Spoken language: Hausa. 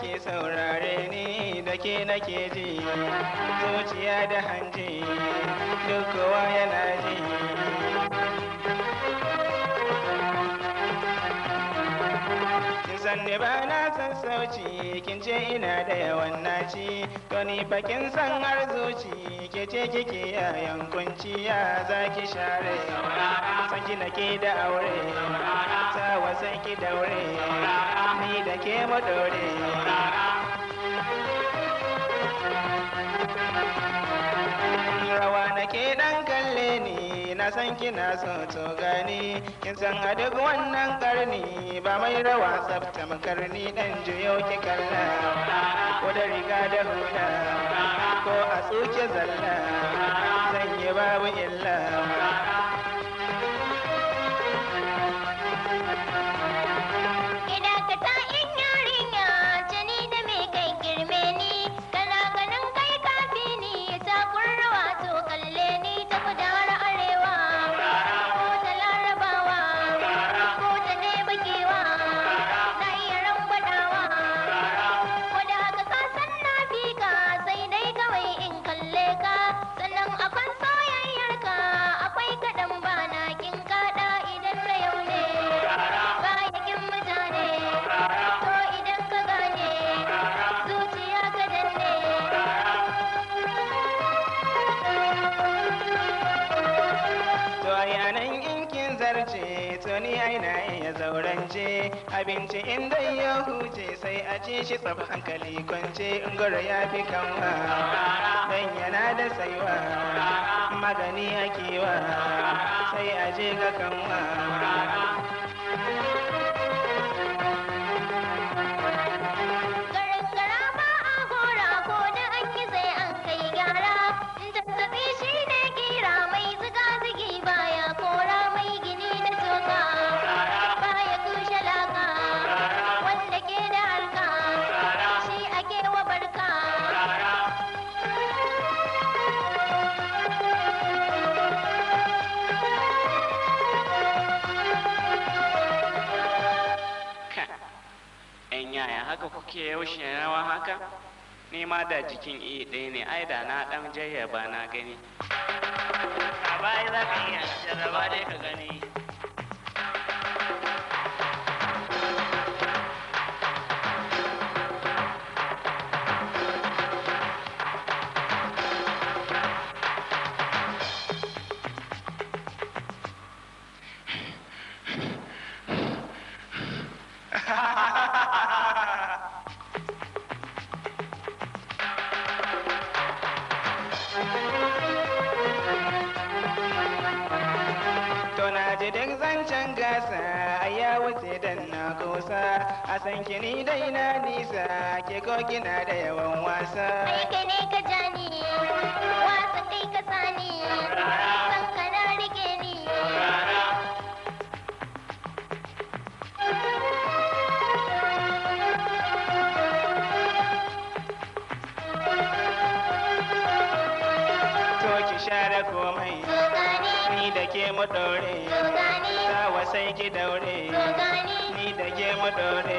nake saurare ni da ke nake ji zuciya da hanji duk kowa yana ji san ba na san sauci kin ce ina da yawan naci to ni fa kin san har zuci ke ce kike ya yankunci za ki share san ki nake da aure sa wasan ki daure ke madore rawa nake dan kalle ni na san kina so to gani kin san a duk wannan karni ba mai rawa tsafta makarni dan juyo ki kalla ko da riga da huda ko a tsuke zalla zan yi babu illa ni aina ya zaurance abinci in dai ya huce sai a ci shi tsab hankali kwance ngoro ya fi kanwa dan yana da saiwa magani akewa sai a je ga kanwa yaya haka kuke yaushe rawa haka ni ma da jikin iya e ɗaya ne ai da na ɗan jayyaba na gani a baya za ka iya jarraba dai ka gani wuce dan na kusa a san kini dai na nisa ke ko kina da yawan wasa kai ne ka jani wasa kai ka sani san ka na rike ni To ki share komai ni da ke mu dore ki daure ni da ke mu dore